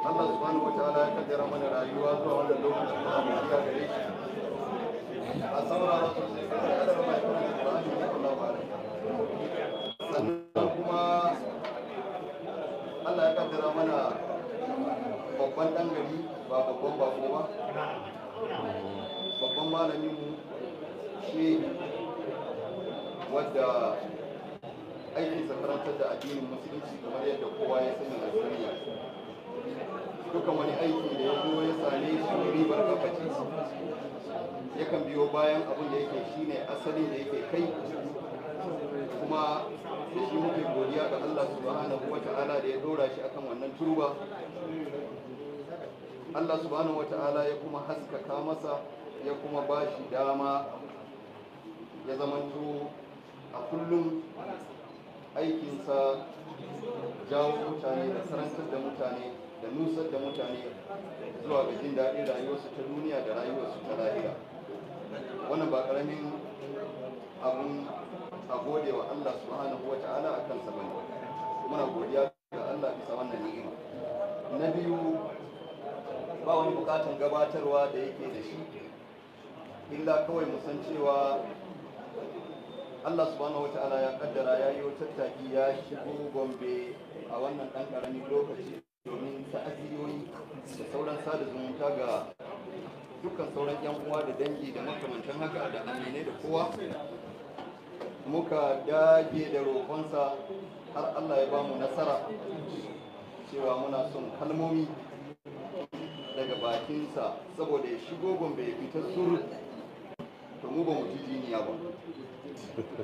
Allah subhanahu wataala ya kaddara mana rayuwa zuwa wannan lokacin da mu ya gare shi a saurara sosai kada kada ma ya fara da Allah ba sannan kuma Allah ya kaddara mana babban dan gari ba babban bako ba babban malamin mu shi wadda aikinsa karantar da addinin musulunci kamar yadda kowa ya sani a duniya dukkan wani aiki da ya zo ya same shi ribar lokacin yakan biyo bayan abin da yake ne asali da yake kai kuma da shi muke godiya ga Allah subhanahu wata'ala da ya dora shi akan wannan turba Allah subhanahu wata'ala ya kuma haskaka masa ya kuma ba shi dama ya zamanto a kullum aikinsa jawo mutane da sarantar da mutane da nusar da mutane zuwa ga jin daɗin rayuwarsu ta duniya da rayuwarsu ta lahira wannan ba karamin abun a gode wa Allah subhanahu wa ta'ala a kansa bane muna godiya ga Allah bisa wannan ni'ima na biyu ba wani bukatan gabatarwa da yake da shi illa kawai mu san cewa Allah subhanahu wa ta'ala ya kaddara ya yi tattaki ya shigo gombe a wannan ɗan ƙaramin lokaci domin ta'aziyoyi da sauran sada zumunta ga dukkan sauran yan uwa da dangi da makamantan haka da aminai da kowa muka dage da roƙonsa har Allah ya bamu nasara cewa muna son kalmomi daga bakinsa saboda ya shigo gombe ya fita sur to mu ba mu ji jiniya ba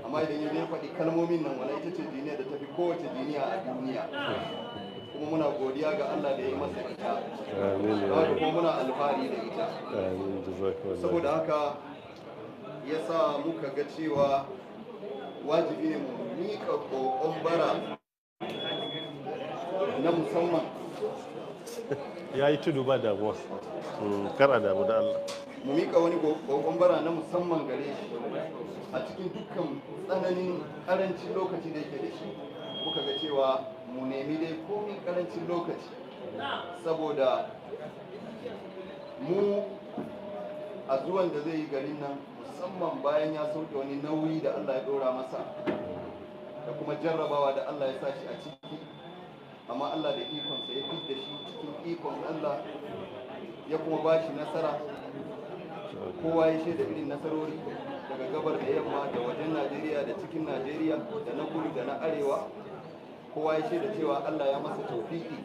amma idan ya faɗi kalmomin nan wani ita ce jiniya da tafi kowace jiniya a duniya kuma muna godiya ga Allah da ya yi masa ita da kuma muna alfahari da ita saboda haka ya sa muka ga cewa wajibi ne mu mika kokon bara na musamman ya yi tudu ba damuwa mm, kara da da Allah mu mika wani kokon bara na musamman gare shi a cikin dukkan tsananin karancin lokaci da yake da shi muka ga cewa mu nemi dai komi karancin lokaci saboda mu a zuwan da zai yi garin nan musamman bayan ya sauke wani nauyi da Allah ya dora masa da kuma jarrabawa da Allah ya sa shi a ciki amma Allah da ikonsa ya fi da shi cikin ikon Allah ya kuma ba shi nasara kowa ya shaida irin nasarori daga gabar da yamma da wajen Najeriya da cikin Najeriya da na kudu da na arewa kowa ya shaida cewa Allah ya masa taufiki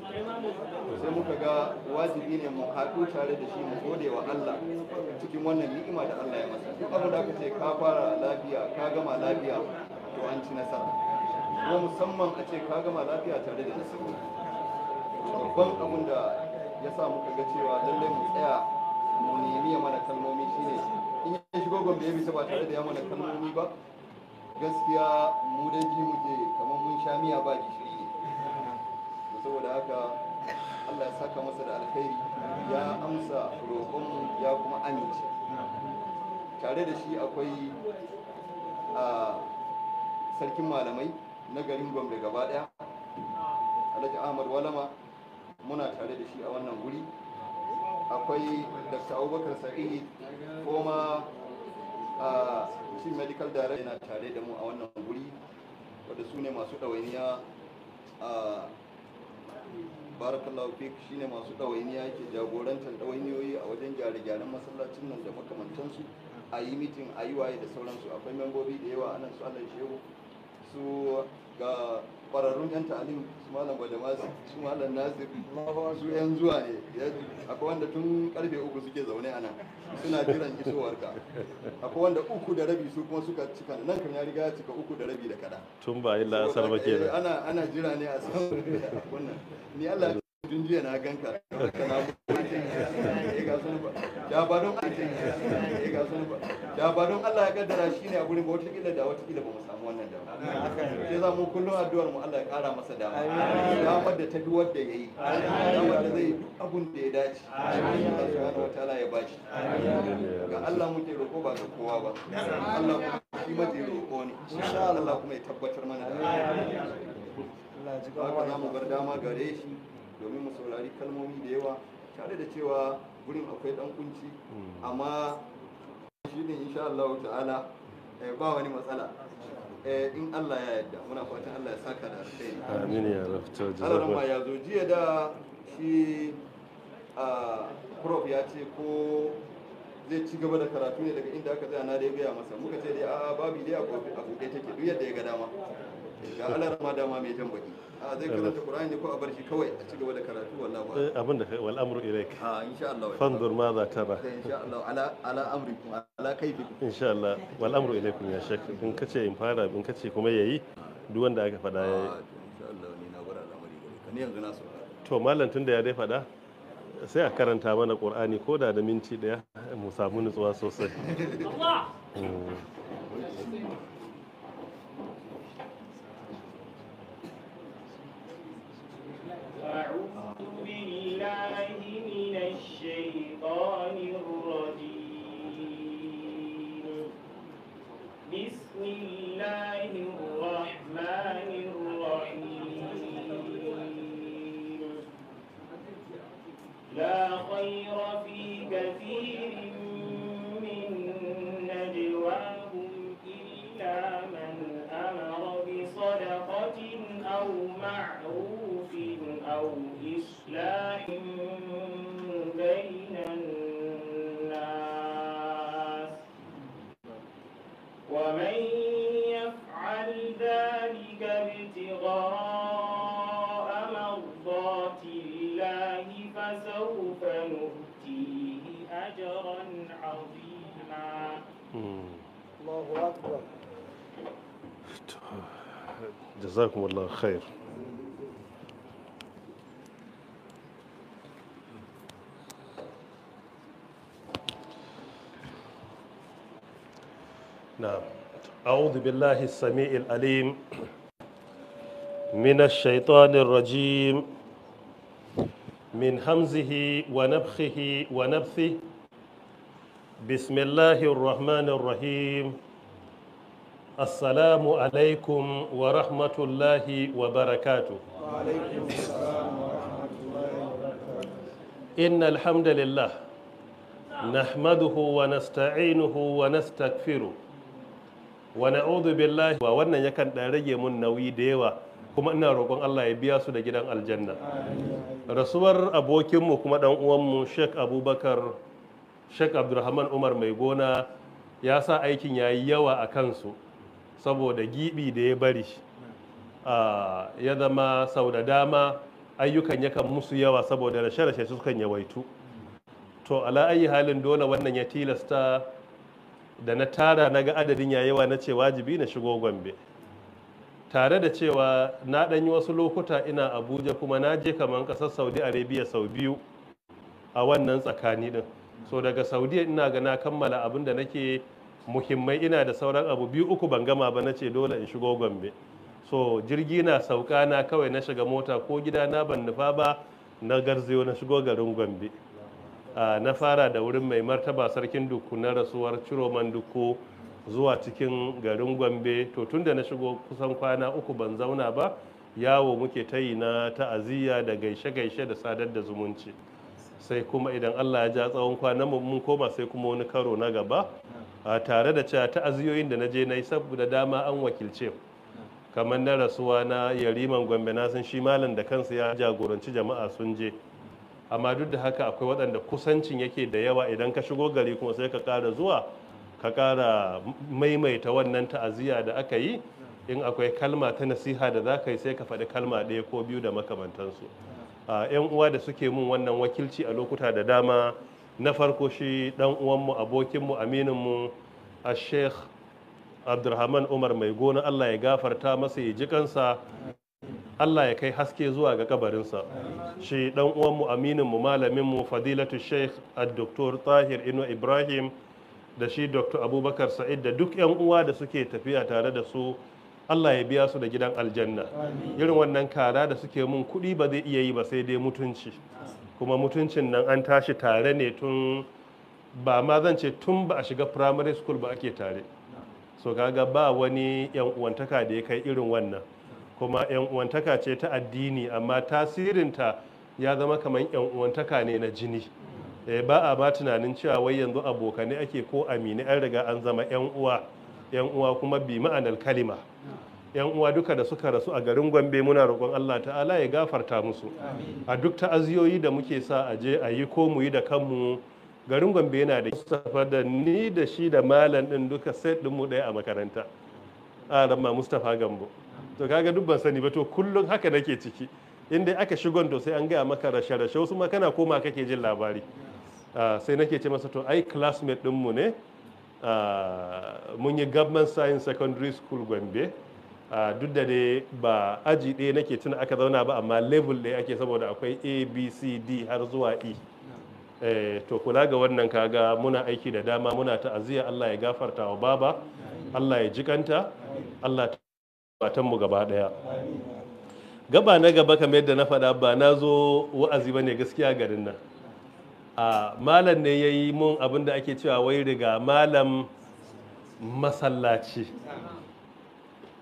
sai muka ga wajibi ne mu haɗu tare da shi mu gode wa Allah cikin wannan ni'ima da Allah ya masa duk abin da aka ce ka fara lafiya ka gama lafiya to an ci nasara ko musamman a ce ka gama lafiya tare da nasarori babban abin da ya sa muka ga cewa lallai mu tsaya mu nemi ya mana kalmomi shine in ya shigo gombe ya bisa ba tare da ya mana kalmomi ba gaskiya mu dai ji muke kamar mun sha miya ba gishi saboda haka Allah ya saka masa da alkhairi ya amsa roƙon ya kuma amince tare da shi akwai a sarkin malamai na garin gombe gaba daya alhaji ahmad walama muna tare da shi a wannan guri akwai dr abubakar sa'id koma a chief medical director yana tare da mu a wannan guri wadda su ne masu ɗawainiya a barakallahu fik shine masu ɗawainiya ke jagorantar ɗawainiyoyi a wajen gyare-gyaren masallacin nan da makamantansu a yi mitin a yi waye da sauransu akwai membobi da yawa anan su anan shehu su ga kwararrun 'yan ta'alim su malam gwajamasu su malam nasir su 'yan zuwa ne akwai wanda tun karfe uku suke zaune a nan suna jiran isowar ka akwai wanda uku da rabi su kuma suka cika nan kan ya riga cika uku da rabi da kada tun ba illa asar ba eh, ana ana jira ne a san wannan ni Allah tun jiya na ganka ya ba don da ba don Allah ya kaddara shine a gurin ba wata kila da wata kila ba mu samu wannan dama sai za mu kullum addu'ar mu Allah ya kara masa dama damar da ta bi wanda yayi damar da zai yi duk abun da ya dace Allah subhanahu wataala ya bashi ga Allah mu ke roko ba ga kowa ba Allah shi ma zai roko ne insha Allah kuma ya tabbatar mana Allah ya ji ga mu bar dama gare shi domin mu saurari kalmomi da yawa tare da cewa gurin akwai dan kunci hmm. amma shi ne insha Allah ta'ala eh, ba wani matsala eh, in Allah ya yarda muna fatan Allah ya saka da alkhairi amin ya rabu Allah jazakallahu ya zo jiya da shi a prof ya ce ko zai ci gaba da karatu ne daga inda aka tsaya na da ya gaya masa muka ce dai a babi dai a kofi a buɗe take duk yadda ya ga dama ga alarma dama mai jan baki a zai karanta qur'ani da eh, wal amru ilaik ah, insha Allah eh, Allah wal amru ya shek in kace in fara in kace kuma yayi duk wanda aka faɗa yayi ah, insha Allah ni ya dai faɗa sai a karanta mana qur'ani ko da da minti daya mu samu nutsuwa sosai mm. يَسْمَعُونَ جزاكم الله خير نعم أعوذ بالله السميع العليم من الشيطان الرجيم من همزه ونبخه ونبثه بسم الله الرحمن الرحيم assalamu alaikum wa rahmatullahi wa barakatu إن الحمد لله نحمده ونستعينه ونستغفره ونعوذ Wa wannan yakan dan rage mun nauyi da yawa kuma ina roƙon Allah ya biya su da gidan aljanna rasuwar abokinmu kuma ɗan uwanmu Sheikh Abubakar Sheik Abdulrahman Umar mai gona ya sa aikin yayi yawa a kansu saboda gibi da ya bari ya zama sau da dama ayyukan yakan musu yawa saboda rashe-rashe sukan yawaitu to ala ayi halin dole wannan ya tilasta da na tara na ga adadin yayewa na ce wajibi na shigo gombe tare da cewa na ɗan yi wasu lokuta ina abuja kuma na je kamar ƙasar saudi arabia sau biyu a wannan tsakani ɗin so daga saudiya ina ga na kammala abin da nake muhimmai ina da sauran abu biyu uku ban gama ba na ce dole in shigo gombe so jirgi na sauka na kawai na shiga mota ko gida na ban nufa ba na garzayo na shigo garin gombe na fara da wurin mai martaba sarkin duku na rasuwar ciroman duku zuwa cikin garin gombe to tunda na shigo kusan kwana uku ban zauna ba yawo muke ta yi na ta'aziyya da gaishe-gaishe da sadar da zumunci sai kuma idan allah ya ja tsawon kwanan mun koma sai kuma wani karo na gaba A tare da cewa ta'aziyoyin da na je na yi saboda dama an wakilce kamar na rasuwa na yariman gombe na san shi malam da kansa ya jagoranci jama'a sun je amma duk da haka akwai waɗanda kusancin yake da yawa idan ka shigo gari kuma sai ka ƙara zuwa ka ƙara maimaita wannan ta'aziyya da aka yi in akwai kalma ta nasiha da za ka yi sai ka faɗi kalma ɗaya ko biyu da makamantansu 'yan uwa da suke mun wannan wakilci a lokuta da dama na farko shi dan uwanmu abokinmu amininmu a sheikh abdulrahman umar mai gona allah ya gafarta masa ya ji kansa allah ya kai haske zuwa ga kabarinsa shi dan uwanmu amininmu malaminmu fadilatu sheikh dr tahir ino ibrahim da shi dr abubakar sa'id da duk yan uwa da suke tafiya tare da su allah ya biya su da gidan aljanna irin wannan kara da suke mun kuɗi ba zai iya yi ba sai dai mutunci kuma mutuncin nan an tashi tare ne tun ba ma zan ce tun ba a shiga primary school ba ake tare so kaga ba wani yan uwantaka da ya kai irin wannan kuma yan uwantaka ce ta addini amma tasirinta ya zama kamar yan uwantaka ne na jini eh ba a ba tunanin cewa wai yanzu abokanai ake ko amini an riga an zama yan uwa yan uwa kuma bi ma'anar kalima yan uwa duka da suka rasu a garin gombe muna roƙon allah ta'ala ya gafarta musu a duk ta'aziyoyi da muke sa a je a yi ko mu yi da kanmu garin gombe yana da mustapha da ni da shi da malam din duka set din mu ɗaya a makaranta a ramma mustapha gambo to kaga duk ban sani ba to kullum haka nake ciki inda aka shigon to sai an gaya maka rashe rashe wasu ma kana koma kake jin labari sai nake ce masa to ai classmate ɗinmu ne mun yi government science secondary school gombe duk da dai ba aji ɗaya nake tuna aka zauna ba amma level ɗaya ake saboda akwai a b c d har zuwa e eh, to kula ga wannan kaga muna aiki da dama muna ta'aziyya Allah ya gafarta wa baba Allah ya jikanta Allah ta mu gaba daya gaba na gaba kamar yadda na faɗa ba na zo wa'azi ba ne gaskiya garin nan a malam ne ya yi mun abin da ake cewa wai riga malam masallaci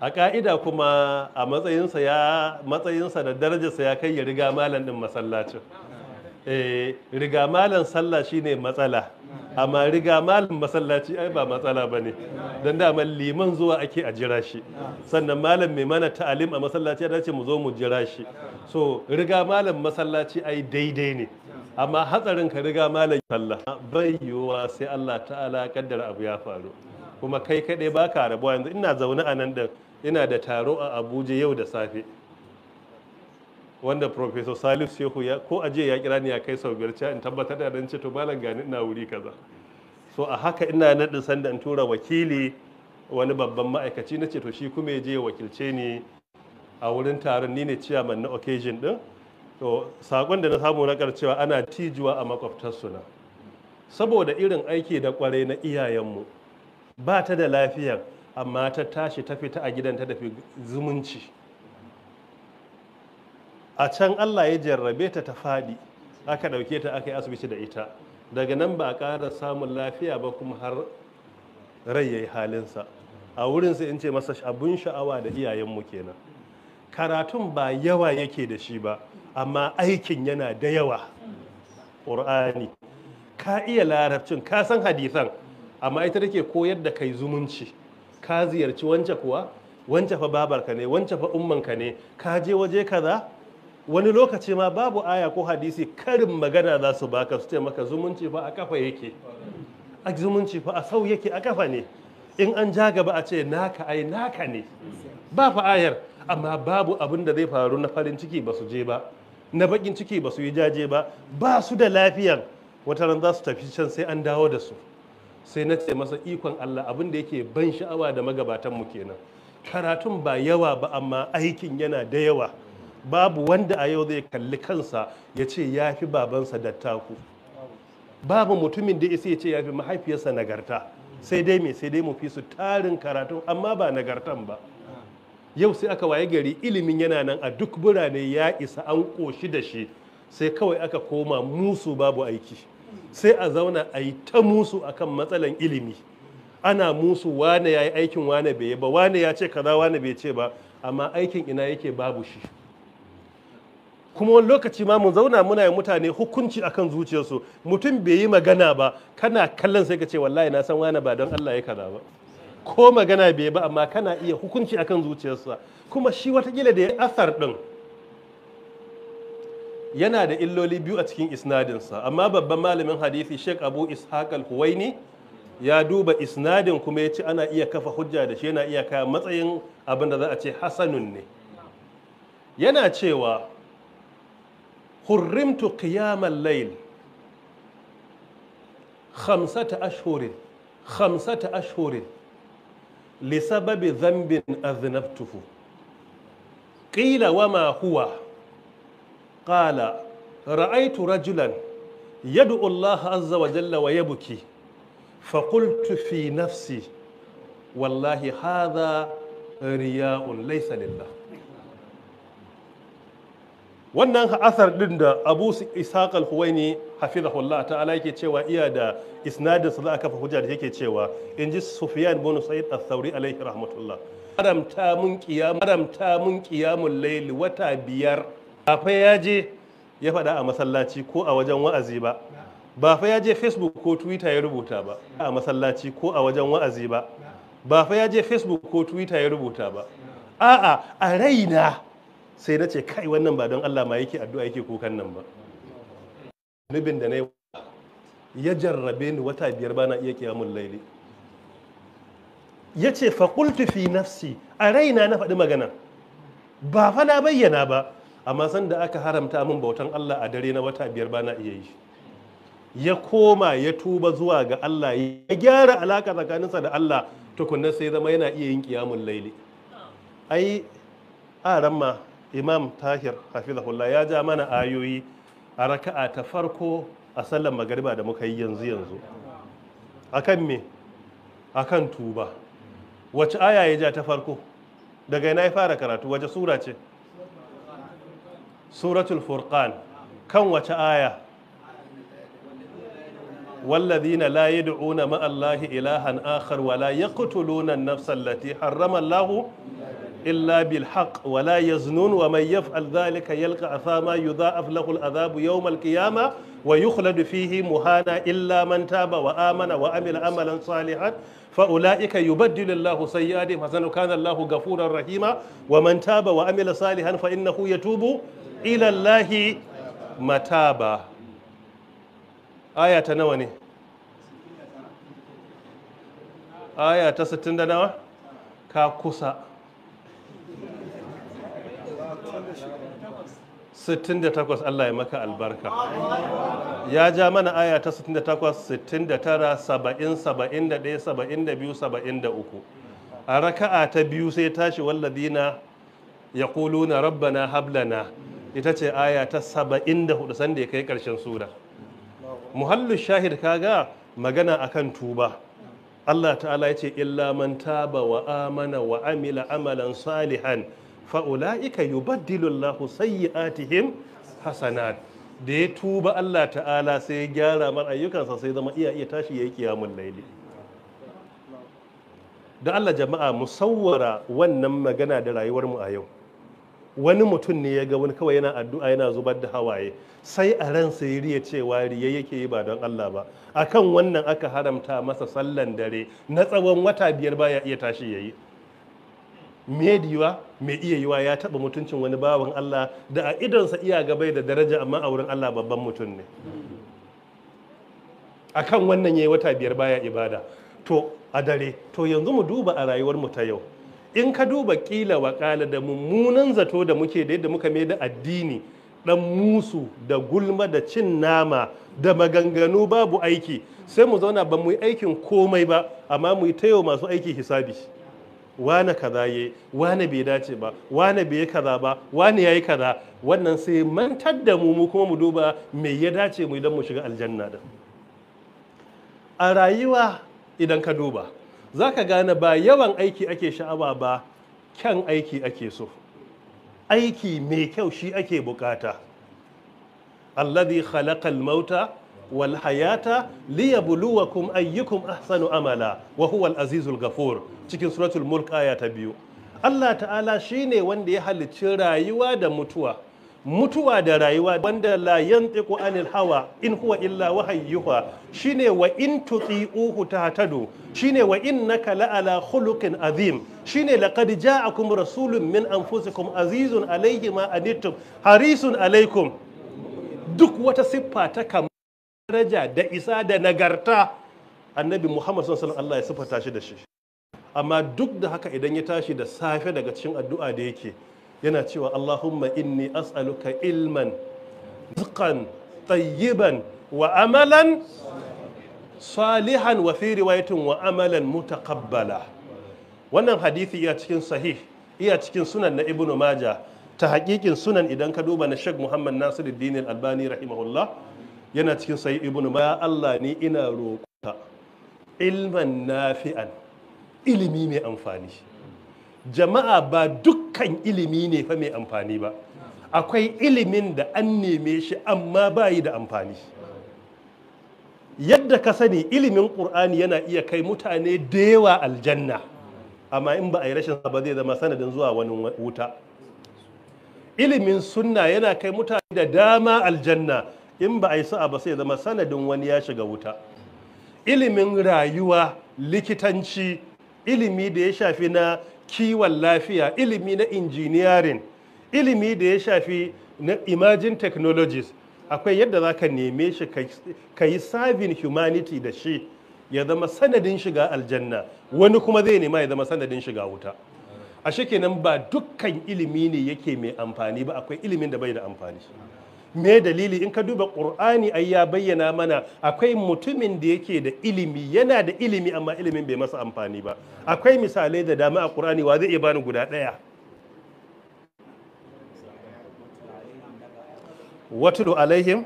a ƙa'ida kuma a matsayinsa ya matsayinsa da darajarsa ya kai ya riga malam din masallacin eh riga malam sallah shine matsala amma riga malam masallaci ai ba matsala bane dan man liman zuwa ake a jira shi sannan malam mai mana ta'alim a masallaci ya ce mu zo mu jira shi so riga malam masallaci ai daidai ne amma hatsarin ka riga malam sallah bai yiwuwa sai Allah ta'ala kaddara abu ya faru kuma kai kaɗai baka rabuwa yanzu ina zaune a nan din ina da taro a abuja yau da safe wanda professor Salif shehu ya ko aje ya kira ni ya kai sau biyar in tabbatar da dan ce to malam gani ina wuri kaza so a haka ina naɗin sanda in tura wakili wani babban ma'aikaci na ce to shi kuma ya je ya wakilce ni a wurin taron ni ne ciyaman na occasion din to sakon da na samu na cewa ana tijuwa a makwabtar na. saboda irin aiki da kwarai na iyayenmu ba ta da lafiyar amma ta tashi ta fita a gidan ta tafi zumunci a can Allah ya jarrabe ta ta faɗi aka ɗauke ta aka yi asibiti da ita daga nan ba a ƙara samun lafiya ba kuma har rai ya yi halinsa a wurin sai in ce masa abun sha'awa da iyayenmu kenan karatun ba yawa yake da shi ba amma aikin yana da yawa ƙur'ani ka iya larabcin ka san hadisan amma ita take koyar da kai zumunci ka ziyarci wance kuwa wance fa babarka ne wance fa ummanka ne ka je waje kaza wani lokaci ma babu aya ko hadisi karin magana za su baka su ce maka zumunci fa a kafa yake a zumunci fa a sau yake a kafa ne in an ja gaba a ce naka ai naka ne ba fa ayar amma babu abin da zai faru na farin ciki ba su je ba na bakin ciki ba su yi jaje ba ba su da lafiyan wataran za su tafi can sai an dawo da su sai na ce masa ikon Allah abin da yake ban sha'awa da magabatan mu kenan karatun ba yawa ba amma aikin yana da yawa babu wanda a yau zai kalli kansa ya ce ya fi babansa dattaku babu mutumin da isa ya ce ya fi mahaifiyarsa nagarta sai dai mai sai dai mu fi su tarin karatun amma ba nagartan ba yau sai aka waye gari ilimin yana nan a duk birane ya isa an ƙoshi da shi sai kawai aka koma musu babu aiki sai a zauna a yi ta musu akan matsalan ilimi ana musu wane ya yi aikin wane bai yi ba wane ya ce kaza wane bai ce ba amma aikin ina yake babu shi kuma wani lokaci ma mu zauna muna yi mutane hukunci akan zuciyarsu mutum bai yi magana ba kana kallon sai ka ce wallahi na san wane ba don Allah ya kaza ba ko magana bai ba amma kana iya hukunci akan zuciyarsa kuma shi watakila da ya asar ɗin. yana da illoli biyu a cikin isnadinsa amma babban malamin hadisi sheikh abu ishaq al-huwaini ya duba isnadin kuma ya ce ana iya kafa hujja da shi yana iya kaya matsayin abin da za a ce hasanun ne yana cewa hurrimtu qiyamal layl khamsata ashhurin khamsata ashhurin lisababi dhanbin aznabtuhu qila wama huwa qala ra'aytu rajulan yad'u Allah azza wa jalla wa yabki fa qultu fi nafsi wallahi hadha riya'un wannan asar din da Abu Ishaq al-Huwaini hafizahullah ta'ala yake cewa iya da isnadin sa za a kafa hujja da yake cewa inji Sufyan bin Sa'id al-Thawri alaihi rahmatullah haramta mun qiyam haramta mun qiyamul layl wata biyar ba ya je ya faɗa a masallaci ko a wajen wa'azi ba ba fa ya je facebook ko twitter ya rubuta ba a masallaci ko a wajen wa'azi ba ba ya je facebook ko twitter ya rubuta ba a'a a raina sai na ce kai wannan ba don allah ma yake addu'a yake kukan nan ba nubin da na yi ya jarrabe ni wata biyar bana iya kiyamun laili ya ce fa fi nafsi a raina na faɗi magana ba fa na bayyana ba amma sanda aka haramta min bautan Allah a dare na wata biyar bana iya yi ya koma ya tuba zuwa ga Allah ya gyara alaka tsakaninsa da Allah tukunna sai zama yana iya yin kiyamun laili ai a ramma imam tahir hafizahullah ya ja mana ayoyi a raka'a ta farko a sallar magariba da muka yi yanzu yanzu akan me akan tuba wace aya ya ja ta farko daga ina ya fara karatu wace sura ce suratul furqan kan wace aya والذين لا يدعون مع الله إلها آخر ولا يقتلون النفس التي حرم الله إلا بالحق ولا يزنون ومن يفعل ذلك يلقى أثاما يضاعف له العذاب يوم القيامة ويخلد فيه مهانا إلا من تاب وآمن وعمل عملا صالحا فأولئك يبدل الله سيئاتهم حسنا كان الله غفورا رحيما ومن تاب وعمل صالحا فإنه يتوب ilallahi mataba aya ta nawa ne aya ta 60 da nawa ka kusa 68 Allah ya maka albarka ya ja mana aya ta 68 69 biyu, 71 72 73 a raka'a ta biyu sai tashi walladina yaquluna rabbana hablana ita ce aya ta saba'in da hudu sanda ya kai ƙarshen sura muhallu shahid kaga magana akan tuba Allah ta'ala ya ce illa man taba wa amana wa amila amalan salihan fa'ula'ika sai Allahu sayyi'atihim hasanat da ya tuba Allah ta'ala sai ya gyara mar ayyukansa sai zama iya iya tashi yi kiyamun laili da Allah jama'a musawwara wannan magana da rayuwarmu a yau wani mutum ne ya ga wani kawai yana addu'a yana zubar da hawaye sai a ransa ya riya cewa riya yake yi ba don Allah ba akan wannan aka haramta masa sallan dare na tsawon wata biyar baya iya tashi yayi me diwa me iya yiwa ya taba mutuncin wani bawan Allah da a idonsa iya gabai da daraja amma a wurin Allah babban mutum ne akan wannan yayi wata biyar baya ibada to a dare to yanzu mu duba a rayuwar mu ta yau in ka duba kila waƙala da mummunan zato da muke da yadda muka mai da addini dan musu da gulma da cin nama da maganganu babu aiki sai mu zauna ba mu yi aikin komai ba amma mu yi tayo masu aiki hisabi wane kaza ye, wane bai dace ba wane bai kaza ba wane yayi kaza wannan sai mantar da mu mu kuma mu duba me ya dace mu idan mu shiga aljanna da a rayuwa idan ka duba za ka gane ba yawan aiki ake sha'awa ba kyan aiki ake so aiki mai kyau shi ake bukata alladhi khalaqal mauta wal hayata liyabluwakum ayyukum ahsanu amala wa huwa al azizul ghafur cikin suratul mulk aya ta biyu Allah ta'ala shine wanda ya halicci rayuwa da mutuwa mutuwa da rayuwa wanda la yantiqu anil hawa in huwa illa wahayyuha shine wa in tuti'uhu tahtadu shine wa innaka ala khuluqin azim shine laqad ja'akum rasulun min anfusikum azizun alayhi ma anittum harisun alaykum duk wata siffa ta kamar daraja da isa da nagarta annabi Muhammad sallallahu alaihi wasallam Allah ya siffata shi da shi amma duk da haka idan ya tashi da safe daga cikin addu'a da yake yana cewa Allahumma inni as'aluka ilman rizqan tayyiban wa amalan salihan wa fi riwayatin wa amalan mutaqabbala wannan hadisi iya cikin sahih iya cikin sunan na ibnu maja ta hakikin sunan idan ka duba na shek Muhammad Nasiruddin Al-Albani rahimahullah yana cikin sahih ibnu Ya Allah ni ina roƙa ilman nafi'an ilimi mai amfani jama'a ba dukkan ilimi ne fa mai amfani ba akwai ilimin da an neme shi amma bayi da amfani yadda ka sani ilimin ƙur'ani yana iya kai mutane da yawa aljanna amma in ba a yi rashin ba zai zama sanadin zuwa wani wuta ilimin sunna yana kai mutane da dama aljanna in ba a yi sa'a ba sai zama sanadin wani ya shiga wuta ilimin rayuwa likitanci ilimi da ya shafi na kiwon lafiya ilimi na injiniyarin ilimi da ya shafi na emerging technologies akwai yadda za ka neme shi ka yi sabin humanity da shi ya zama sanadin shiga aljanna wani kuma zai nema ya zama sanadin shiga wuta a kenan ba dukkan ilimi ne yake mai amfani ba akwai ilimin da bai da amfani me dalili in ka duba ƙur'ani ai ya bayyana mana akwai mutumin da yake da ilimi yana da ilimi amma ilimin bai masa amfani ba akwai misalai da dama a ƙur'ani wa zai iya bani guda ɗaya watulu alaihim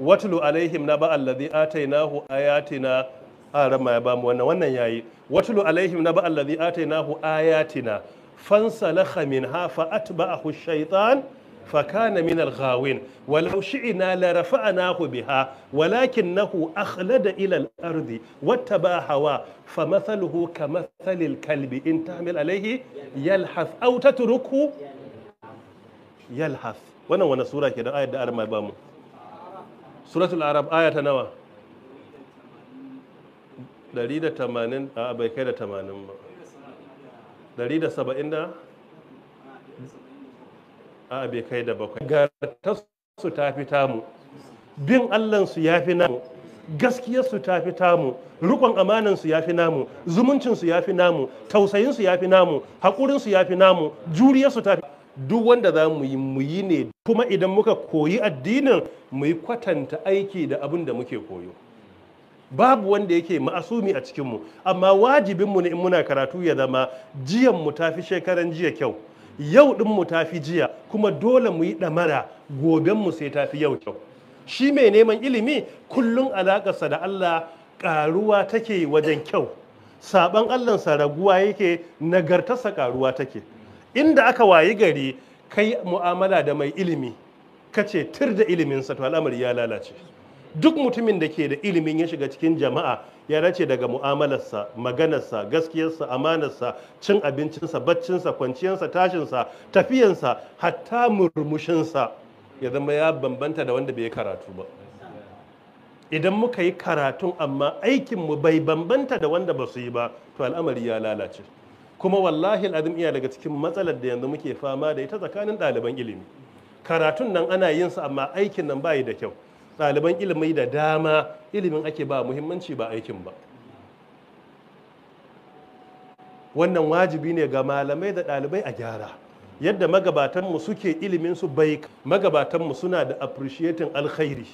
watulu alaihim na ba alladhi atainahu ayatina arama ya bamu wannan wannan yayi watulu alaihim na ba alladhi atainahu ayatina fansalakha minha fa atba'ahu shaytan fakana min al Walaushi ina larafa a rafa'nahu biha walakinahu akhlada ila al-ardi wattaba hawa famathaluhu kamathali al-kalbi in tahmil alayhi yalhath aw tatruku yalhath wannan wani sura ke da ayat da arma ba mu suratul arab aya ta nawa 180 bai kai da ba a bai kai da bakwai gartarsu ta fi tamu bin allansu ya fi namu gaskiyarsu ta fi tamu rikon amanansu ya fi namu zumuncinsu ya fi namu tausayinsu ya fi namu haƙurinsu ya fi namu juriyarsu ta fi duk wanda za mu yi mu yi ne kuma idan muka koyi addinin mu yi kwatanta aiki da abin da muke koyo babu wanda yake ma'asumi a cikinmu amma wajibinmu ne in muna karatu ya zama jiyanmu ta fi shekaran jiya kyau yau ɗin mu tafi jiya kuma dole mu yi ɗamara goben mu sai tafi yau kyau shi mai neman ilimi kullum alaƙarsa da Allah ƙaruwa take wajen kyau saban Allahnsa raguwa yake nagartarsa ƙaruwa take inda aka wayi gari kai mu'amala da mai ilimi kace tir da iliminsa to al'amari ya lalace duk mutumin da ke da ilimin ya shiga cikin jama'a ya dace daga mu'amalarsa maganarsa gaskiyarsa amanarsa cin abincinsa baccinsa kwanciyarsa tashinsa tafiyansa hatta murmushinsa ya zama ya bambanta da wanda bai karatu ba idan muka yi karatun amma aikinmu bai bambanta da wanda ba su yi ba to al'amari ya lalace kuma wallahi al'adun iya daga cikin matsalar da yanzu muke fama da ita tsakanin ɗaliban ilimi karatun nan ana yin sa amma aikin nan bayi da kyau ɗaliban ilimi da dama ilimin ake ba muhimmanci ba aikin ba wannan wajibi ne ga malamai da ɗalibai a gyara yadda magabatanmu suke iliminsu bai magabatanmu suna da appreciating alkhairi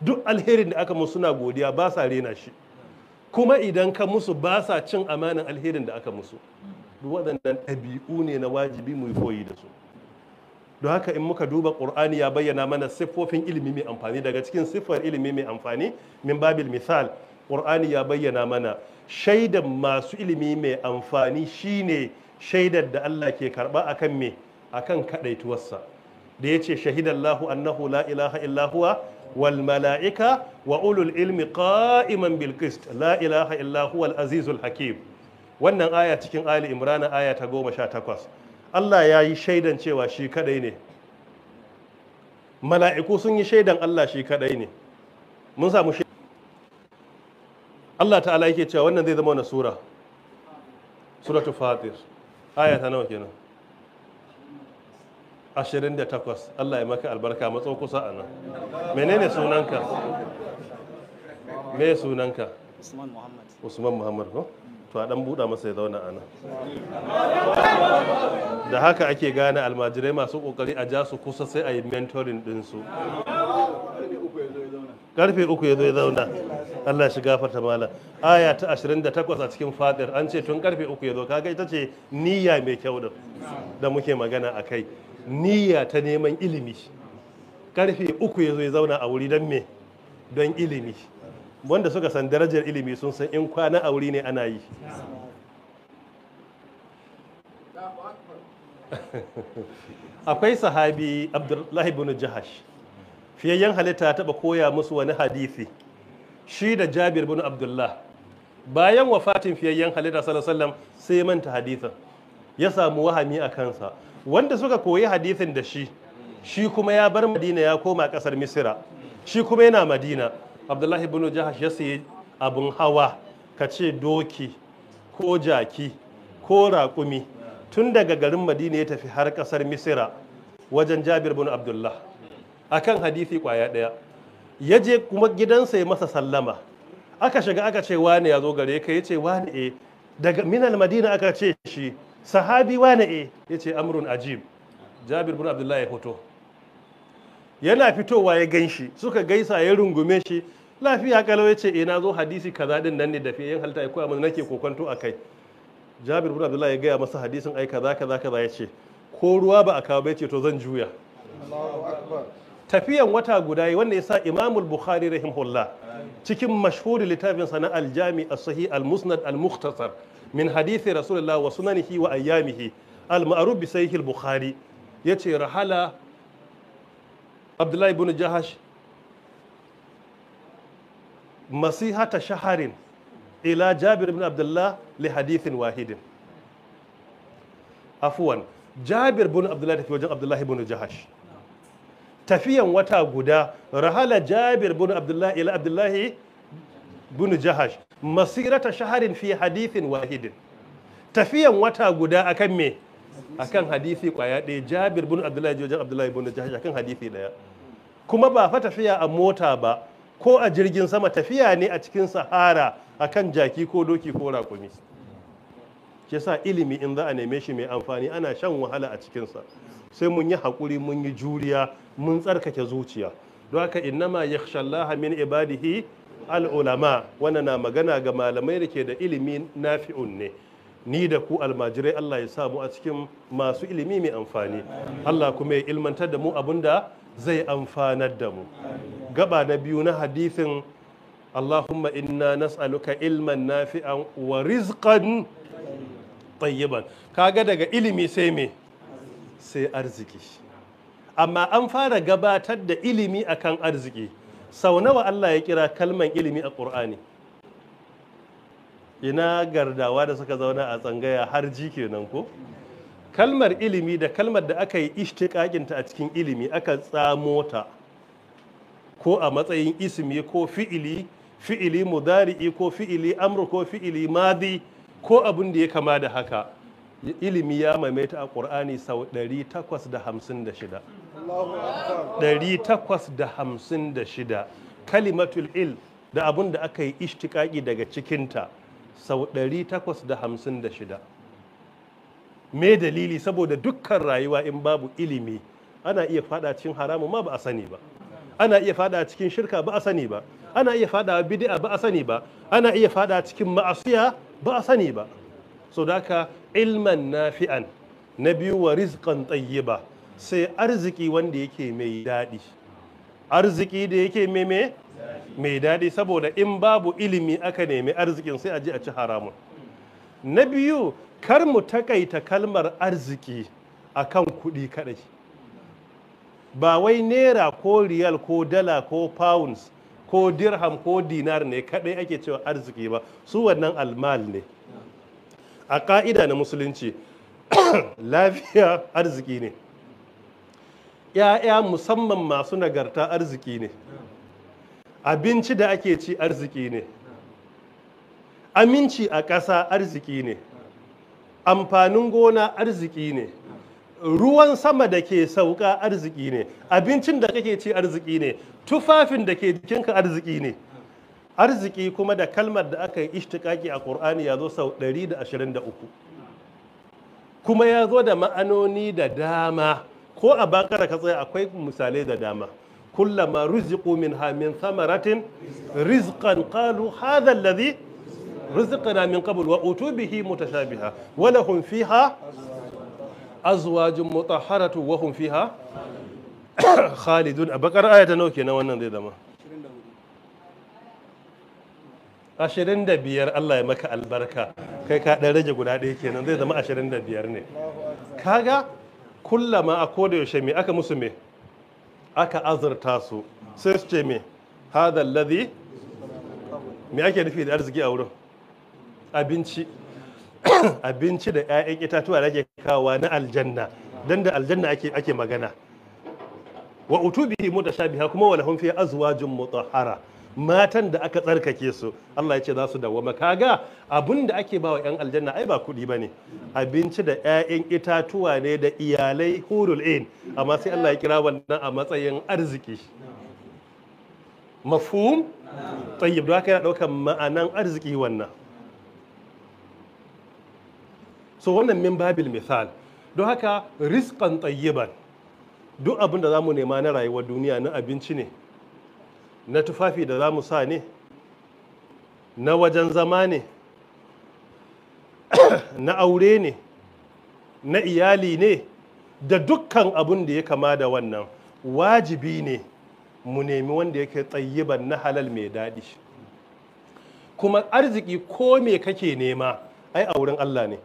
duk alherin da aka musu suna godiya ba sa rena shi kuma idan ka musu ba sa cin amanin alherin da aka musu duk waɗannan ɗabi'u ne na wajibi mu koyi da su don haka in muka duba qur'ani ya bayyana mana siffofin ilimi mai amfani daga cikin siffar ilimi mai amfani min babil misal qur'ani ya bayyana mana shaidan masu ilimi mai amfani shine shaidar da Allah ke karba akan me akan kadaituwarsa da yace shahidallahu annahu la ilaha illa huwa wal mala'ika wa ulul ilmi qa'iman bil qist la ilaha illa huwa al azizul hakim wannan aya cikin ali imran aya ta goma sha 18 Allah ya yi shaidan cewa shi kadai ne mala'iku sun yi shaidan Allah shi kadai ne mun samu shaidan Allah ta'ala yake cewa wannan zai zama wani sura suratul fatir ayata ta nawa kenan 28 Allah ya maka albarka matso kusa a nan menene sunanka me sunanka Usman Muhammad Usman Muhammad ko no? to a dan buɗa masa ya zauna a nan da haka ake gane almajirai masu ƙoƙari a ja su kusa sai a yi mentoring ɗinsu karfe uku ya zo ya zauna Allah shi gafarta mala aya ta 28 a cikin fadir an ce tun karfe uku ya zo kaga ita ce niyya mai kyau da muke magana a kai niyya ta neman ilimi karfe uku ya zo ya zauna a wuri don me don ilimi wanda suka san darajar ilimi sun san in kwana a wuri ne ana yi akwai sahabi abdullahi bin jahash fiyayyen halitta taɓa koya musu wani hadisi shi da jabir bin abdullah bayan wafatin fiyayyen halitta sallallahu sai manta hadisin ya samu wahami a kansa wanda suka koyi hadisin da shi shi kuma ya bar madina ya koma ƙasar misira shi kuma yana madina abdullahi bin jahash ya sayi abin hawa ka ce doki ko jaki ko raƙumi tun daga garin madina ya tafi har ƙasar misira wajen jabir bin abdullah akan hadisi kwaya ɗaya ya je kuma gidansa ya masa sallama aka shiga aka ce wane ya zo gare ka ya ce wane e daga minal madina aka ce shi sahabi wane e ya ce amrun ajib jabir bin abdullahi ya fito yana fitowa ya gan shi suka gaisa ya rungume shi lafiya kalau ya ce ina zo hadisi kaza din nan ne da fiye yin halitta ya koya mana nake kokonto a kai jabir bin abdullahi ya gaya masa hadisin ai kaza kaza kaza ya ce ko ruwa ba a kawo bai ce to zan juya tafiyan wata guda wanda ya sa imamul bukhari rahimahullah cikin mashhuri littafin sana aljami as sahi al-musnad min hadithi rasulullah wa sunanihi wa ayyamihi al-ma'ruf bi sahih al-bukhari yace rahala abdullahi bin jahash masihata shaharin ila jabir bin abdullah li hadithin wahidin afuwan jabir bin abdullah tafi wajen abdullahi bin jahash tafiyan wata guda rahala jabir bin abdullah ila abdullahi bin jahash masirata shaharin fi hadithin wahidin tafiyan wata guda akan me akan hadisi kwaya ɗaya jabir bin abdullahi wajen abdullahi bin jahash akan hadisi ɗaya kuma ba fa tafiya a mota ba ko a jirgin sama tafiya ne a cikin sahara akan jaki ko doki ko rakumi? ke sa ilimi in za a neme shi mai amfani ana shan wahala a cikinsa sai mun yi haƙuri mun yi juriya mun tsarkake zuciya don haka ya yakhshallaha min ibadihi al'ulama wannan na magana ga malamai da ke da ilimi nafi'un ne ni da ku almajirai Allah ya samu a cikin masu ilimi mai amfani Allah kuma ya ilmantar da mu abinda zai amfanar da mu gaba na biyu na hadithin, Allahumma inna nas'aluka ilman nafi'an wa rizqan tayyiban kaga daga ilimi sai me sai arziki amma an fara gabatar da ilimi akan arziki sau nawa Allah ya kira kalman ilimi a Qur'ani ina gardawa da suka zauna a tsangaya har ji kenan ko kalmar ilimi da kalmar da aka yi ishtiƙaƙinta a cikin ilimi aka tsamo ta ko a matsayin ismi ko fi'ili fi'ili mudari'i ko fi'ili amru ko fi'ili madi ko abin da ya kama da haka ilimi ya maimaita a ƙur'ani sau 856 856 kalimatul il da abin da aka yi ishtiƙaƙi daga cikinta sau 856 me dalili saboda dukkan rayuwa in babu ilimi ana iya fada cikin haramu ma ba a sani ba ana iya fada cikin shirka ba a sani ba ana iya fada bid'a ba a sani ba ana iya fada cikin ma'asiya ba a sani ba so daka ilman nafi'an na biyu wa rizqan tayyiba sai arziki wanda yake mai daɗi arziki da yake me mai daɗi saboda in babu ilimi aka nemi arzikin sai a ji a ci haramun na biyu kar mu takaita kalmar arziki kan kuɗi kaɗai ba wai nera ko riyal ko dala ko pounds ko dirham ko dinar ne kaɗai ake cewa arziki ba su wannan almal ne a ƙa'ida na musulunci lafiya arziki ne ‘ya'ya musamman masu nagarta arziki ne abinci da ake ci arziki ne aminci a ƙasa arziki ne amfanin gona arziki ne ruwan sama da ke sauka arziki ne abincin da kake ci arziki ne tufafin da ke jikinka arziki ne arziki kuma da kalmar da aka yi ishtiƙaƙi a ƙur'ani ya zo sau 123 kuma ya zo da ma'anoni da dama ko a bakara ka tsaya akwai misalai da dama kullama ruziqu min hamin samaratin rizqan kalu hadha alladhi rizqana min qabl wa utubihi mutashabiha wa lahum fiha azwajun mutahharatu wa hum fiha khalidun a bakar ayata nawa kenan wannan zai zama 25 Allah ya maka albarka kai ka dan rage guda ɗaya kenan zai zama 25 ne kaga kullama a koda yaushe me aka musu me aka azurta su sai su ce me hadha alladhi me ake nufi da arziki a wurin abinci abinci da 'ya'yan itatuwa da ake kawowa na aljanna dan da aljanna ake ake magana wa utubihi mutashabiha kuma wa lahum fi azwajin mutahhara matan da aka tsarkake su Allah ya ce za su dawo kaga abin da ake bawa yan aljanna ai ba kuɗi bane abinci da 'ya'yan itatuwa ne da iyalai hurul ain amma sai Allah ya kira wannan a matsayin arziki mafhum tayyib don haka yana daukan ma'anan arziki wannan so wannan min babil misal don haka riskan tayyiban duk abin da za mu nema na rayuwar duniya na abinci ne na tufafi da za mu sa ne na wajen zama ne na aure ne na iyali ne da dukkan abin da ya kama da wannan wajibi ne mu nemi wanda yake tsayiban na halal mai daɗi kuma arziki ko me kake nema ai a wurin Allah ne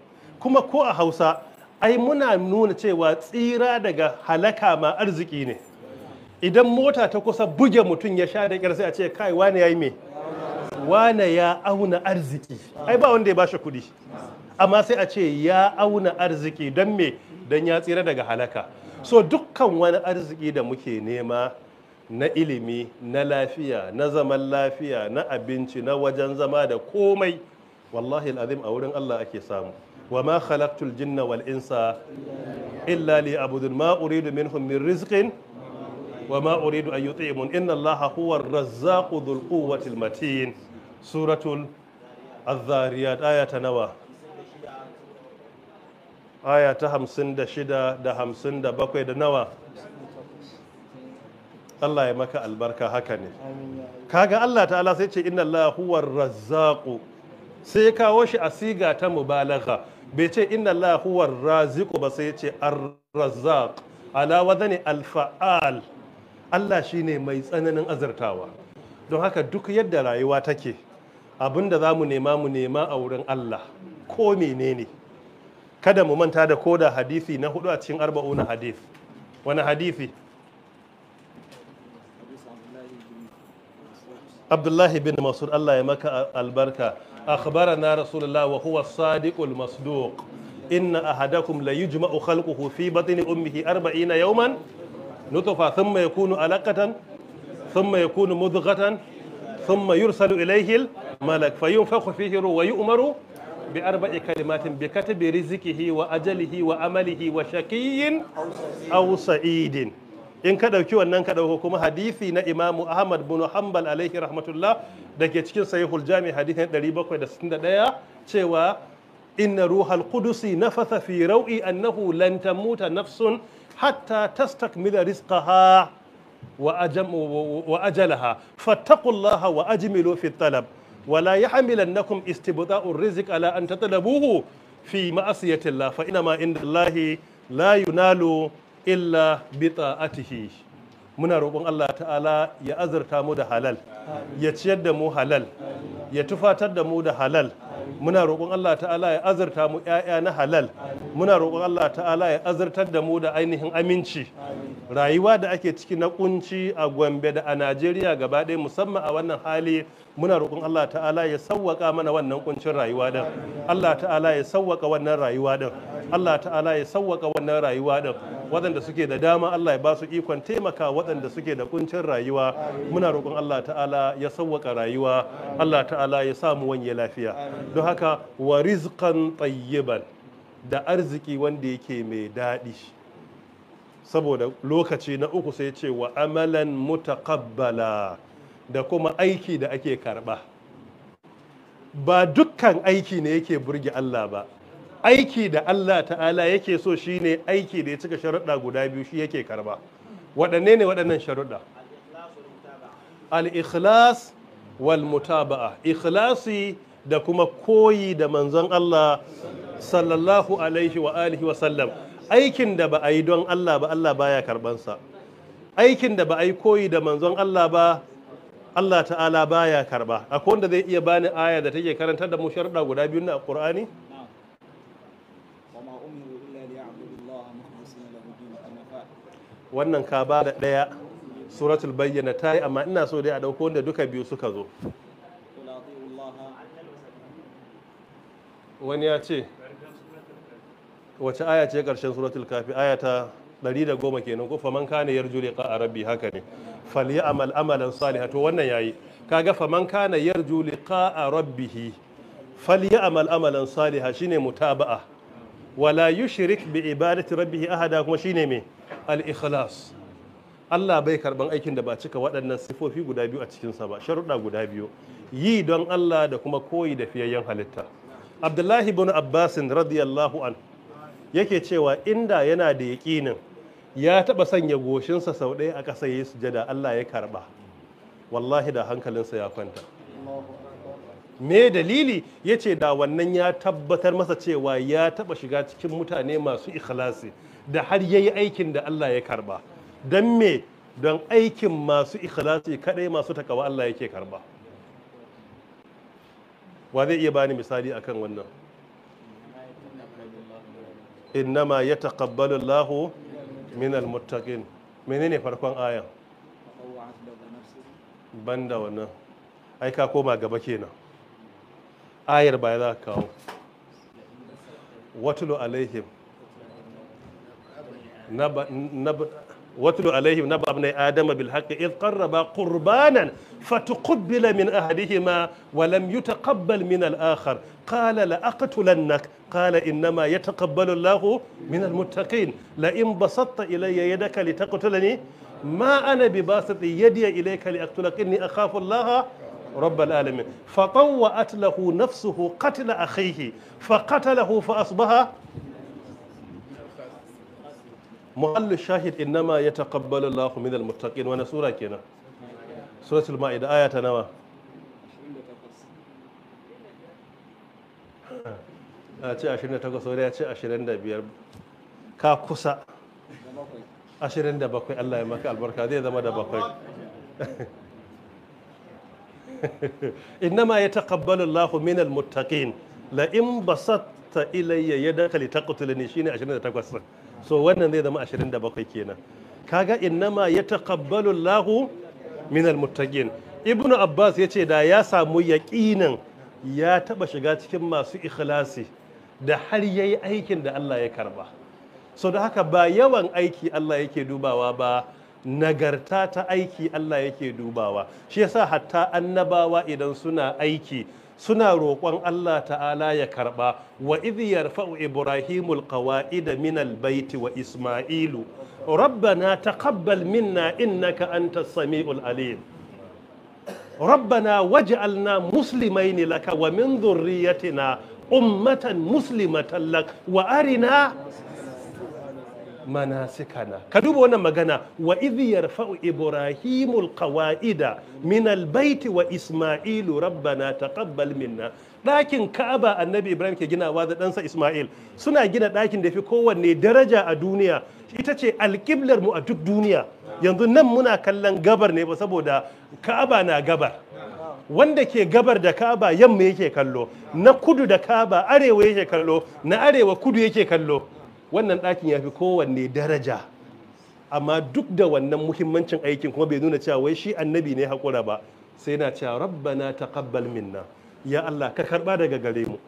kuma ko a hausa ai muna nuna cewa tsira daga halaka ma arziki ne idan mota ta kusa buge mutum ya sha da sai a ce kai wane ya yi me wane ya auna arziki ai ba wanda ya ba shi kuɗi amma sai a ce ya auna arziki don me don ya tsira daga halaka so dukkan wani arziki da muke nema na ilimi na lafiya na zaman lafiya na abinci na wajen zama da komai wallahi al'azim a wurin Allah ake samu wa ma khalaqtul jinna wal insa illa li abudun ma'uridu uridu minhum min rizqin wa ma uridu an yut'imun inna allaha huwa ar-razzaqu dhul quwwati matin suratul az-zariyat ta nawa aya ta 56 da 57 da nawa Allah ya maka albarka haka ne kaga Allah ta'ala sai ce inna allaha huwa sai kawo shi a siga ta mubalagha bai ce inna Allah raziku ba sai ce ar-razzaq ala wadani alfa'al allah Allah ne mai tsananin azartawa don haka duk yadda rayuwa take abinda za mu nema mu nema a wurin Allah ko menene kada mu manta da koda hadisi na hudu a cikin arba'una hadith wani hadisi Abdullahi bin Masud Allah ya maka albarka أخبرنا رسول الله وهو الصادق المصدوق إن أحدكم ليجمع خلقه في بطن أمه أربعين يوما نطفة ثم يكون علقة ثم يكون مضغة ثم يرسل إليه الملك فينفخ فيه ويؤمر بأربع كلمات بكتب رزقه وأجله وأمله وشقي أو سعيد in ka dauki wannan ka dauko kuma hadisi na Imam ahmad bin hanbal alaihi rahmatullah dake cikin sahihul jami hadisin 761 cewa inna ruhal qudusi nafatha fi rau'i annahu lan tamuta nafsun hatta tastakmila rizqaha wa ajam wa ajalaha fattaqullaha wa ajmilu fi talab ولا يحملنكم استبطاء الرزق على أن تطلبوه في معصية الله فإنما عند الله لا ينال illa bi ta'atihi muna roƙon Allah ta'ala ya azurta mu da halal ya ciyar da mu halal ya tufatar da mu da halal muna roƙon Allah ta'ala ya azurta mu ƴaƴa na halal muna roƙon Allah ta'ala ya azurtar da mu da ainihin aminci rayuwa da ake ciki na kunci a gombe da a najeriya gaba ɗaya musamman a wannan hali muna roƙon Allah ta'ala ya sawwaka mana wannan kuncin rayuwa din Allah ta'ala ya sawwaka wannan rayuwa din Allah ta'ala ya sawwaka wannan rayuwa din waɗanda suke da dama Allah ya ba su ikon taimaka waɗanda suke da kuncin rayuwa muna roƙon Allah ta'ala ya sawwaka rayuwa Allah ta'ala ya samu wani lafiya don haka wa rizqan tayyiban da arziki wanda yake mai daɗi saboda lokaci na uku sai ce wa amalan mutaqabbala da kuma aiki da ake karba. ba dukkan aiki ne yake burge Allah ba aiki da Allah ta'ala yake so shine aiki da ya cika sharuɗa guda biyu shi yake karba. waɗanne ne waɗannan sharuɗa al-ikhlas wal mutaba'a ikhlasi da kuma koyi da manzon Allah sallallahu alaihi wa alihi wa sallam aikin da ba a yi don Allah ba Allah baya karɓansa aikin da ba a yi koyi da manzon Allah ba Allah ta'ala baya karba akwai wanda zai iya bani aya da take karantar da mu sharuɗa guda biyu na Qur'ani wannan ka ba da ɗaya suratul bayyana ta yi amma ina so dai a ɗauko wanda duka biyu suka zo wani ya ce wace aya ce ƙarshen suratul kafi aya ta 110 kenan ko faman kana yarju liqa rabbi haka ne falyamal amalan salihan to wannan yayi kaga faman kana yarju liqa rabbih falyamal amalan salihan shine mutaba'a wala yushrik bi ibadati rabbihi ahada kuma shine me al ikhlas Allah bai karban aikin da ba cika waɗannan sifofi guda biyu a cikinsa ba sharuɗa guda biyu yi don Allah da kuma koyi da fiyayyen halitta Abdullahi ibn Abbasin radiyallahu an yake cewa inda yana da yaƙinin ya taɓa sanya goshinsa sau ɗaya a ƙasa ya yi sujada Allah ya karɓa wallahi da hankalinsa ya kwanta me dalili ya ce da wannan ya tabbatar masa cewa ya taɓa shiga cikin mutane masu ikhlasi da har ya yi aikin da Allah ya karɓa don me don aikin masu ikhlasi kaɗai masu takawa Allah yake karɓa wa zai iya bani misali akan wannan innama ya taƙabbalu Allahu minal muttaqin menene farkon ayan banda wannan ai ka koma gaba kenan ayar ba za ka kawo watulu alaihim واتلو عليهم نبأ ابن آدم بالحق إذ قربا قربانا فتقبل من أحدهما ولم يتقبل من الآخر قال لأقتلنك قال إنما يتقبل الله من المتقين لئن بسطت إلي يدك لتقتلني ما أنا بباسط يدي إليك لأقتلك إني أخاف الله رب العالمين فطوأت له نفسه قتل أخيه فقتله فأصبح muhallu shahid innama ya taqabbalu Allahu min almuttaqin wani sura kenan suratul ma'ida aya ta nawa a ce 28 wani ya ce biyar, ka kusa bakwai Allah ya maka albarka zai zama da bakwai innama ya taqabbalu Allahu min almuttaqin la in basat basta ilayya ya dakali taqtulni shine 28 so wannan zai zama 27 kenan kaga innama yataqabbalu Allahu min almuttaqin ibnu abbas ya ce da ya samu yaqinan ya taba shiga cikin masu ikhlasi da har yayi aikin da Allah ya karba so da haka ba yawan aiki Allah yake dubawa ba nagarta ta aiki Allah yake dubawa shi yasa hatta annabawa idan suna aiki suna roƙon Allah ta'ala ya karɓa wa idh yarfa'u ibrahimul qawa'ida minal baiti wa isma'ilu rabbana taqabbal minna innaka antas samiul alim rabbana waj'alna muslimaini laka wa min dhurriyyatina ummatan muslimatan lak wa arina manasikana ka duba wannan magana wa idh yarfa'u Ibrahimu qawaida min albaiti wa isma'ilu rabbana taqabbal minna ɗakin ka'aba annabi ibrahim ke ginawa da ɗansa isma'il suna gina ɗakin da fi kowanne daraja a duniya ita ce alƙiblar mu a duk duniya yanzu nan muna kallon gabar ne ba saboda ka'aba na gabar wanda ke gabar da ka'aba yamma yake kallo na kudu da ka'aba arewa yake kallo na arewa kudu yake kallo wannan ɗakin ya fi kowanne daraja amma duk da wannan muhimmancin aikin kuma bai nuna cewa wai shi annabi ne haƙura ba sai na cewa rabbana taqabbal minna ya Allah ka karba daga gare mu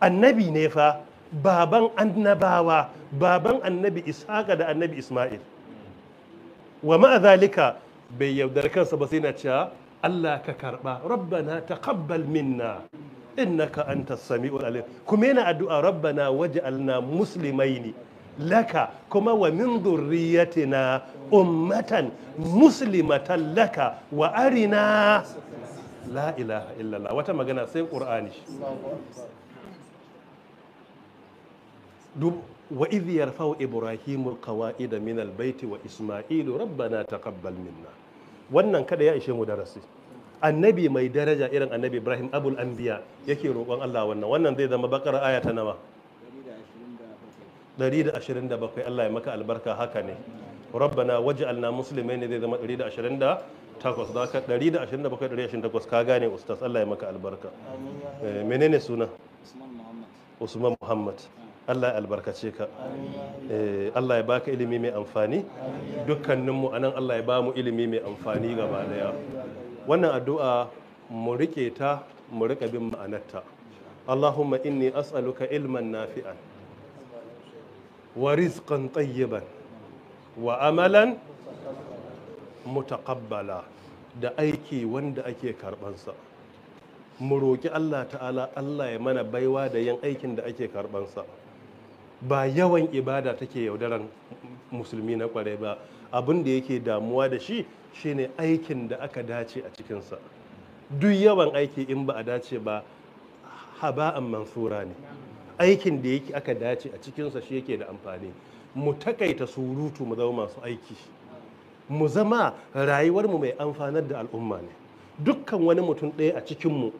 annabi ne fa baban annabawa baban annabi ishaqa da annabi isma'il wa ma'a zalika bai yaudar kansa ba sai na cewa Allah ka karba rabbana taqabbal minna innaka antas sami'ul alim kuma yana addu'a rabbana waj'alna ne. laka kuma wa min dhurriyyatina ummatan muslimatan laka wa arina la ilaha illallah wata magana sai qur'ani wa idh yarfa'u ibrahimu alqawa'ida min al-baiti wa isma'ilu rabbana taqabbal minna wannan kada ya ishe mu darasi annabi mai daraja irin annabi ibrahim abul anbiya yake roƙon allah wannan wannan zai zama bakar aya ta nawa 127 allah ya maka albarka haka ne rabbana waj'alna muslimin ne zai zama 128 da haka 127 128 ka gane ustaz allah ya maka albarka eh, menene suna usman muhammad Allah ya albarkace ka eh, Allah ya baka ilimi mai amfani dukkaninmu anan Allah ya ba mu ilimi mai amfani gaba daya wannan addu'a mu riƙe ta mu rika bin ma'anarta Allahumma inni as'aluka ilman nafi'an wa rizqan tayyiban wa amalan mutaqabbala da aiki wanda ake karɓansa. mu roƙi Allah ta'ala Allah ya mana baiwa da yin aikin da ake karɓansa. ba yawan ibada take yaudaran musulmi na ƙwarai ba abin da yake damuwa da shi shine aikin da aka dace a cikinsa duk yawan aiki in ba a dace ba haba'an mansura ne aikin da yake aka dace a cikinsa shi yake da amfani mu takaita surutu mu zama masu aiki mu zama rayuwarmu mai amfanar da al'umma ne dukkan wani mutum ɗaya a cikinmu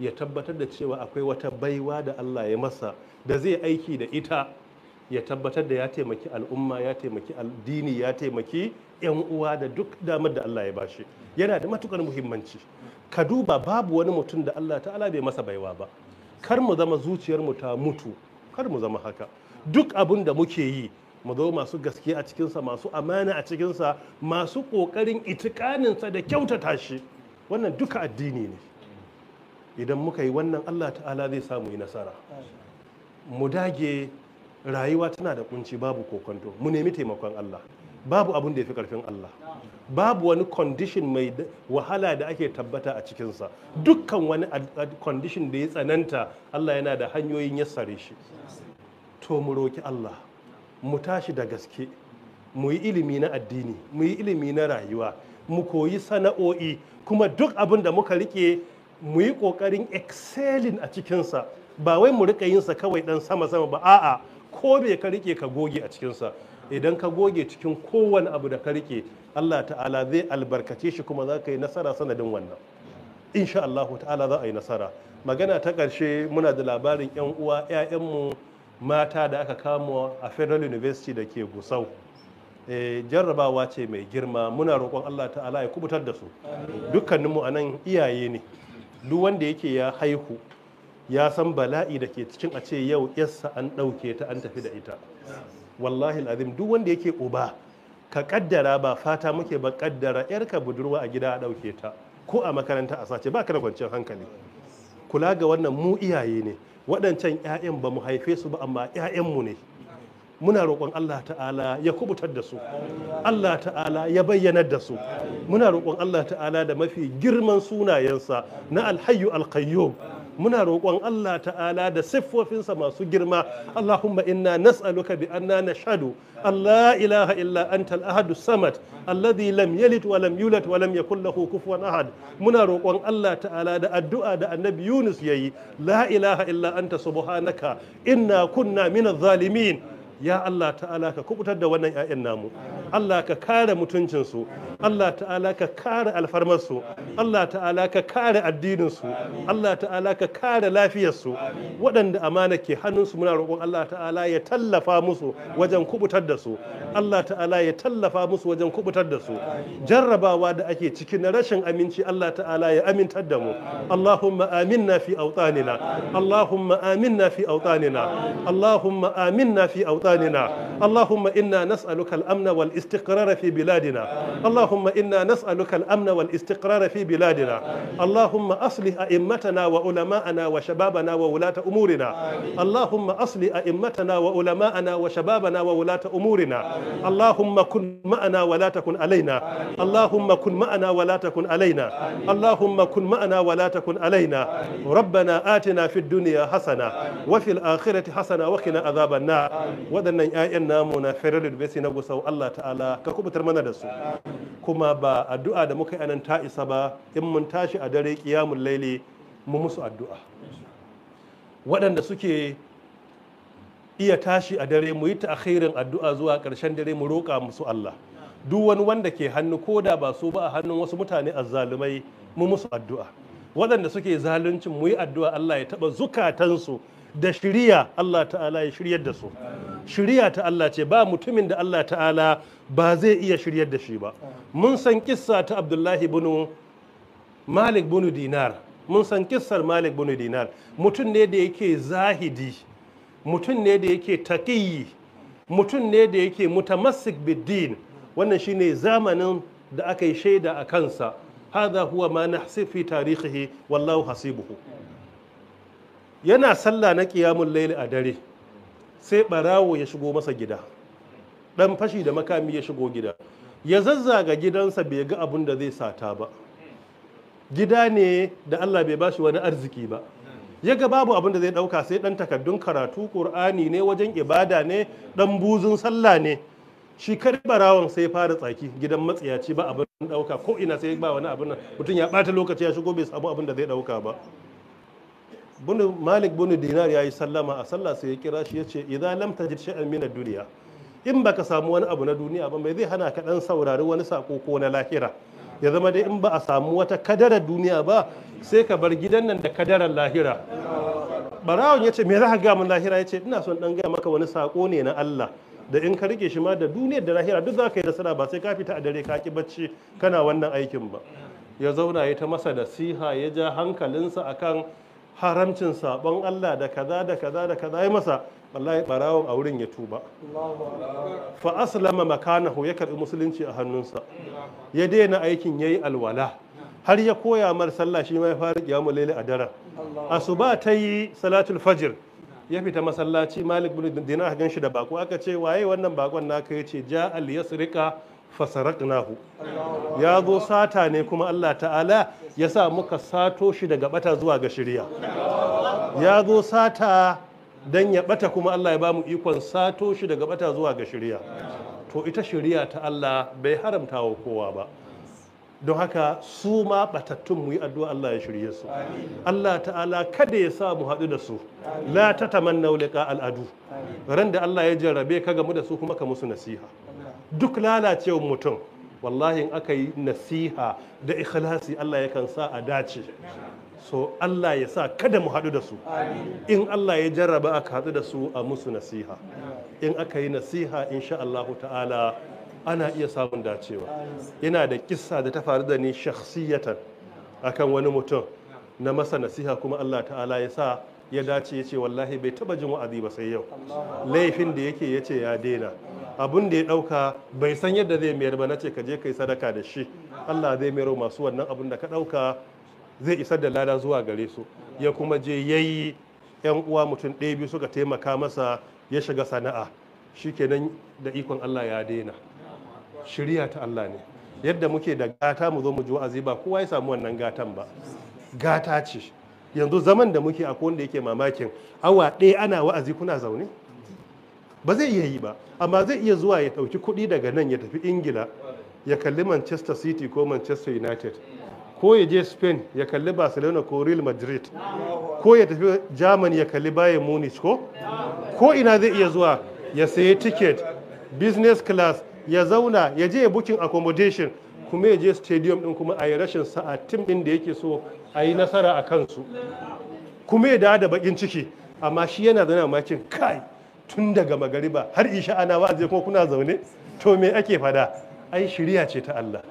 ya tabbatar da cewa akwai wata baiwa da Allah ya masa da zai aiki da ita ya tabbatar da ya taimaki al'umma ya taimaki addini ya taimaki yan uwa da duk damar da Allah ya bashi yana da matukar muhimmanci ka duba babu wani mutum da Allah ta'ala bai masa baiwa ba kar mu zama zuciyar mu ta mutu kar mu zama haka duk abin da muke yi mu zo masu gaske a cikinsa masu amana a cikinsa masu ƙoƙarin itikaninsa da kyautata shi wannan duka addini ne idan muka yi wannan allah ta'ala zai samu yi nasara mu dage rayuwa tana da kunci babu kokonto mu nemi taimakon Allah babu abin da ya fi karfin Allah babu wani condition mai wahala da ake tabbata a cikinsa dukkan wani condition da ya tsananta Allah yana da hanyoyin ya tsare shi to mu roki Allah mu tashi da gaske mu yi ilimi na addini mu yi ilimi na rayuwa mu koyi sana'o'i kuma duk abin da muka rike mu yi ƙoƙarin excelling a cikinsa ba wai mu rika yinsa kawai dan sama-sama ba a'a ko me ka rike ka goge a cikinsa idan ka goge cikin kowane abu da ka rike Allah ta'ala zai albarkace shi kuma za ka yi nasara sanadin wannan insha Allah ta'ala za a yi nasara magana ta ƙarshe muna da labarin 'yan uwa 'ya'yanmu mata da aka kama a federal university da ke gusau eh, jarrabawa ce mai girma muna roƙon Allah ta'ala ya kubutar da su dukkaninmu a nan iyaye ne duk wanda yake ya haihu ya san bala'i da ke cikin a ce yau yassa an ɗauke ta an tafi da ita wallahi azim duk wanda yake uba ka kaddara ba fata muke ba kaddara yarka budurwa a gida a ɗauke ta ko a makaranta a sace ba ka da kwanciyar hankali kula ga wannan mu iyaye ne waɗancan 'ya'yan ba mu haife su ba amma 'ya'yanmu ne muna roƙon Allah ta'ala ya kubutar da su Allah ta'ala ya bayyanar da su muna roƙon Allah ta'ala da mafi girman sunayensa na alhayyu alkayyum muna roƙon Allah ta'ala da siffofinsa masu girma Allahumma inna nas'aluka bi anna nashhadu Allah ilaha illa anta al-ahadu samad alladhi lam yalid wa lam yulad wa lam yakul lahu kufuwan ahad muna roƙon Allah ta'ala da addu'a da Annabi Yunus yayi la ilaha illa anta subhanaka inna kunna minadh zalimin ya Allah ta'ala ka kubutar da wannan 'ya'yan namu Allah ka kare mutuncinsu Allah ta'ala ka kare alfarmarsu Allah ta'ala ka kare addininsu Allah ta'ala ka kare lafiyarsu waɗanda amana ke hannunsu muna roƙon Allah ta'ala ya tallafa musu wajen kubutar da su Allah ta'ala ya tallafa musu wajen kubutar da su jarrabawa da ake ciki na rashin aminci Allah ta'ala ya amintar da mu Allahumma aminna fi awtanina Allahumma aminna fi awtanina Allahumma aminna fi awtanina أوطاننا اللهم إنا نسألك الأمن والاستقرار في بلادنا اللهم إنا نسألك الأمن والاستقرار في بلادنا اللهم أصلح أئمتنا وعلماءنا وشبابنا وولاة أمورنا اللهم أصلح أئمتنا وعلماءنا وشبابنا وولاة أمورنا اللهم كن معنا ولا تكن علينا اللهم كن معنا ولا تكن علينا اللهم كن معنا ولا تكن علينا ربنا آتنا في الدنيا حسنة وفي الآخرة حسنة وقنا عذاب النار waɗannan 'ya'yan namu na federal university na gusau allah ta'ala ka kubutar mana da su kuma ba addu'a da muka yi anan ta isa ba in mun tashi a dare ƙiyamun laili mu musu addu'a waɗanda suke iya tashi a dare mu yi ta akhirin addu'a zuwa ƙarshen dare mu roƙa musu allah duk wani wanda ke hannu ko da ba su ba a hannun wasu mutane azzalumai mu musu addu'a waɗanda suke zaluncin mu yi addu'a Allah ya taɓa zukatansu da shiriya Allah ta'ala ya shiryar da su shiriya ta Allah ce ba mutumin da Allah ta'ala ba zai iya shiryar da shi ba mun san kissa ta Abdullahi bin Malik bin Dinar mun san kissar Malik bin Dinar mutum ne da yake zahidi mutum ne da yake taqiyi mutum ne da yake mutamassik biddin wannan shine zamanin da aka yi shaida a kansa hadha huwa ma nahsib fi tarihihi wallahu hasibuhu yana sallah na kiyamun laili a dare sai ɓarawo ya shigo masa gida ɗan fashi da makami ya shigo gida ya zazzaga gidansa bai ga abin da zai sata ba gida ne da Allah bai bashi wani arziki ba ya ga babu abin da zai ɗauka sai ɗan takardun karatu ƙur'ani ne wajen ibada ne ɗan buzun sallah ne shi kar barawan sai fara tsaki gidan matsiyaci ba abin ɗauka ko ina sai ba wani abin nan mutum ya ɓata lokaci ya shigo bai samu abin da zai ɗauka ba bunu malik bunu dinar ya yi sallama a sallah sai ya kira shi ya idza lam tajid shay'an min ad-dunya in baka samu wani abu na duniya ba mai zai hana ka dan saurari wani sako ko na lahira ya zama dai in ba a samu wata kadarar duniya ba sai ka bar gidan nan da kadarar lahira barawon ya ce me za ka gaya min lahira ya ce ina son dan gaya maka wani sako ne na Allah da in ka rike shi ma da duniyar da lahira duk za ka yi nasara ba sai ka fita a dare ka ki bacci kana wannan aikin ba ya zauna ya ta masa nasiha ya ja hankalinsa akan haramcin sabon Allah da kaza da kaza da kaza ya masa wallahi barawon a wurin ya tuba fa aslama makanahu ya karbi musulunci a hannunsa ya daina aikin yayi alwala har ya koya mar sallah shi ma ya fara qiyamul layli a daren asuba ta yi salatul fajr ya fita masallaci malik bin dinar gan shi da bako aka ce waye wannan bakon naka yace ja al yasrika fasaraknahu ya zo sata ne kuma Allah ta'ala ya sa muka sato shi daga bata zuwa ga shirya ya zo sata don ya bata kuma Allah ya ba mu ikon sato shi daga bata zuwa ga shirya to ita shirya ta Allah bai haramta wa kowa ba don haka su ma batattun mu yi addu'a Allah ya shirye su Allah ta'ala kada ya sa mu haɗu da su la ta tamanna liqa al'adu ran Allah ya jarrabe ka gamu da su kuma ka musu nasiha duk lalacewar mutum wallahi in aka yi nasiha da ikhlasi Allah yakan sa a dace so Allah ya sa kada mu haɗu da su in Allah ya jarraba aka haɗu da su a musu nasiha in aka yi nasiha insha Allah ta'ala ana iya samun dacewa yana da kissa da ta faru da ni shakhsiyatan akan wani mutum na masa nasiha kuma Allah ta'ala ya sa ya dace ya ce wallahi bai taba jin wa'azi ba sai yau laifin da yake ya ce ya daina Abin da ya ɗauka bai san yadda zai mayar ba na ce ka je ka yi sadaka da shi Allah zai mayar masu wannan abun da ka ɗauka zai isar da lada zuwa gare su ya kuma je yayi yan uwa mutum ɗaya biyu suka taimaka masa ya shiga sana'a kenan da ikon Allah ya daina shirya ta Allah ne yadda muke da gata mu zo mu ji wa'azi ba kowa ya samu wannan gatan ba gata ce yanzu zaman da muke a wanda yake mamakin awa ɗaya ana wa'azi kuna zaune ba zai iya yi ba amma zai iya zuwa ya ɗauki kuɗi daga nan ya tafi ingila ya kalli manchester city ko manchester united ko ya je spain ya kalli barcelona ko real madrid ko ya tafi germany ya kalli bayern munich ko ko ina zai iya zuwa ya sayi ticket business class ya zauna ya je ya booking accommodation kuma ya je stadium din kuma a yi rashin sa'a tim din da yake so a yi nasara a kansu kuma ya da bakin ciki amma shi yana zana makin kai tun daga magariba har isha ana wa'azi ko kuna zaune to me ake fada ai shiriya ce ta Allah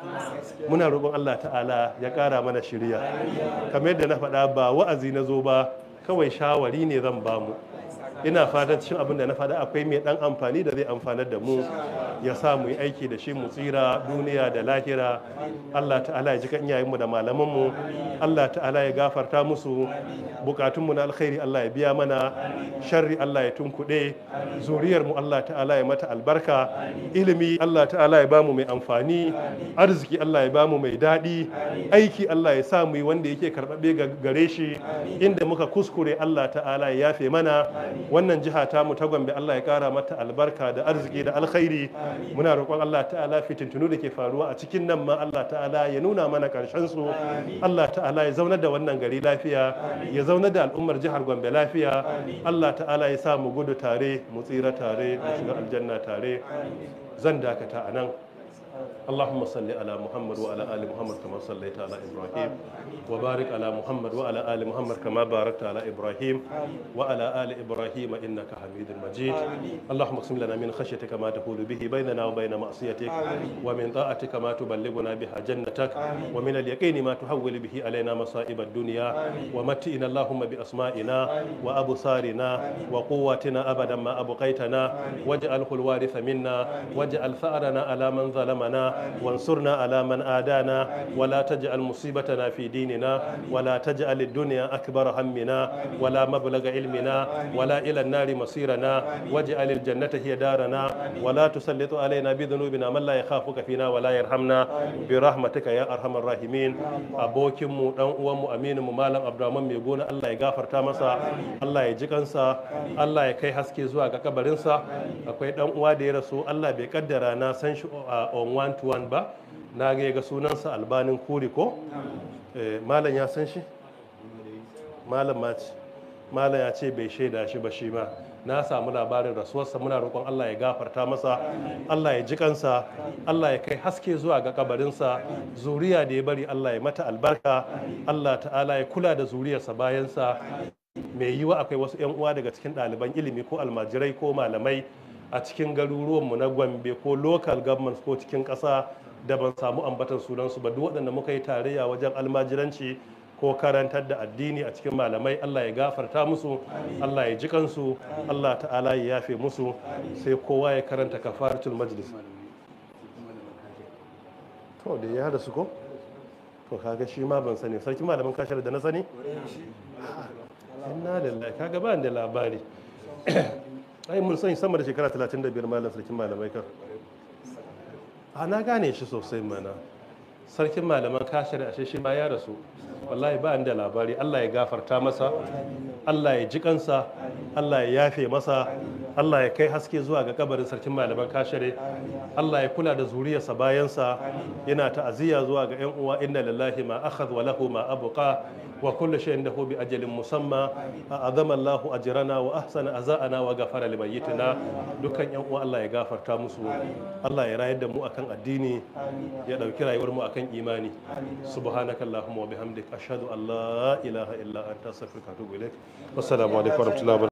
muna roƙon Allah ta'ala ya ƙara mana shirya. kamar yadda na faɗa ba wa'azi na zo ba kawai shawari ne zan ba mu. ina fatan cikin abin da na faɗa akwai mai ɗan amfani da zai amfanar da mu ya sa mu yi aiki da shi mu tsira duniya da lahira Allah ta'ala ya ji kan iyayenmu da malamanmu Allah ta'ala ya gafarta musu bukatunmu na alkhairi Allah ya biya mana sharri Allah ya tunkuɗe zuriyar mu Allah ta'ala ya mata albarka ilimi Allah ta'ala ya bamu mai amfani arziki Allah ya bamu mai daɗi aiki Allah ya sa mu yi wanda yake karɓaɓɓe gare shi inda muka kuskure Allah ta'ala ya yafe mana wannan jiha ta mu ta Gombe Allah ya kara mata albarka da arziki da alkhairi muna roƙon Allah ta'ala fitintunu da ke faruwa a cikin nan ma Allah ta'ala ya nuna mana karshen su Allah ta'ala ya zaunar da wannan gari lafiya ya zaunar da al'ummar jihar Gombe lafiya Allah ta'ala ya sa mu gudu tare mu tsira tare mu shiga aljanna tare zan dakata a nan اللهم صل على محمد وعلى آل محمد كما صليت على إبراهيم وبارك على محمد وعلى آل محمد كما باركت على إبراهيم وعلى آل إبراهيم إنك حميد مجيد اللهم اقسم لنا من خشيتك ما تحول به بيننا وبين معصيتك ومن طاعتك ما تبلغنا بها جنتك ومن اليقين ما تحول به علينا مصائب الدنيا ومتئنا اللهم بأسمائنا وأبصارنا وقواتنا أبدا ما أبقيتنا واجعله الوارث منا واجعل ثأرنا على من ظلمنا وانصرنا على من آدانا ولا تجعل مصيبتنا في ديننا ولا تجعل الدنيا أكبر همنا ولا مبلغ علمنا ولا إلى النار مصيرنا واجعل الجنة هي دارنا ولا تسلط علينا بذنوبنا من لا يخافك فينا ولا يرحمنا برحمتك يا أرحم الراحمين abokin mu dan uwan mu aminin mu malam Abdurrahman mai gona Allah ya gafarta masa Allah ya ji kansa Allah ya kai haske zuwa ga kabarinsa akwai dan uwa da ya rasu Allah bai kaddara na san shi on One ba na ga ga sunansa albanin kuri ko eh, malam ya san shi malam ma ce malam ya ce bai shaida shi ba shi ma na samu labarin rasuwarsa muna roƙon Allah ya gafarta masa Allah ya ji kansa Allah ya kai haske zuwa ga kabarinsa zuriya da ya bari Allah ya mata albarka Allah ta'ala ya kula da zuriyarsa bayansa mai yiwa akwai wasu 'yan uwa daga cikin ɗaliban ilimi ko almajirai ko malamai a cikin garuruwanmu na gombe ko local government ko cikin ƙasa da ban samu ambatan sunansu ba duk waɗanda muka yi tarayya wajen almajiranci ko karantar da addini a cikin malamai Allah ya gafarta musu Allah ya ji kansu Allah ta'ala ya yafe musu sai kowa ya karanta kafaratul majlis to da ya hada su ko to kaga shi ma ban sani sarki malamin kashar da na sani inna lillahi kaga ba da labari Sai mun sani sama da shekara 35 malam sarkin malamai kan a na gane shi sosai mana sarkin malaman kashiri ashe shi ma ya rasu wallahi ba da labari Allah ya gafarta masa Allah ya ji kansa Allah ya yafe masa Allah ya kai haske zuwa ga kabarin sarkin malaman kashire Allah ya kula da zuriyarsa bayansa yana ta'aziyya zuwa ga yan uwa inna lillahi ma akhadha wa lahu ma abqa wa kullu shay'in dahu bi ajalin musamma azama Allahu ajrana wa nawa ga wa yi limayyitina dukkan yan uwa Allah ya gafarta musu Allah ya rayar da mu akan addini ya ɗauki rayuwar mu akan imani subhanaka allahumma wa bihamdik ashhadu an la ilaha illa anta astaghfiruka wa atubu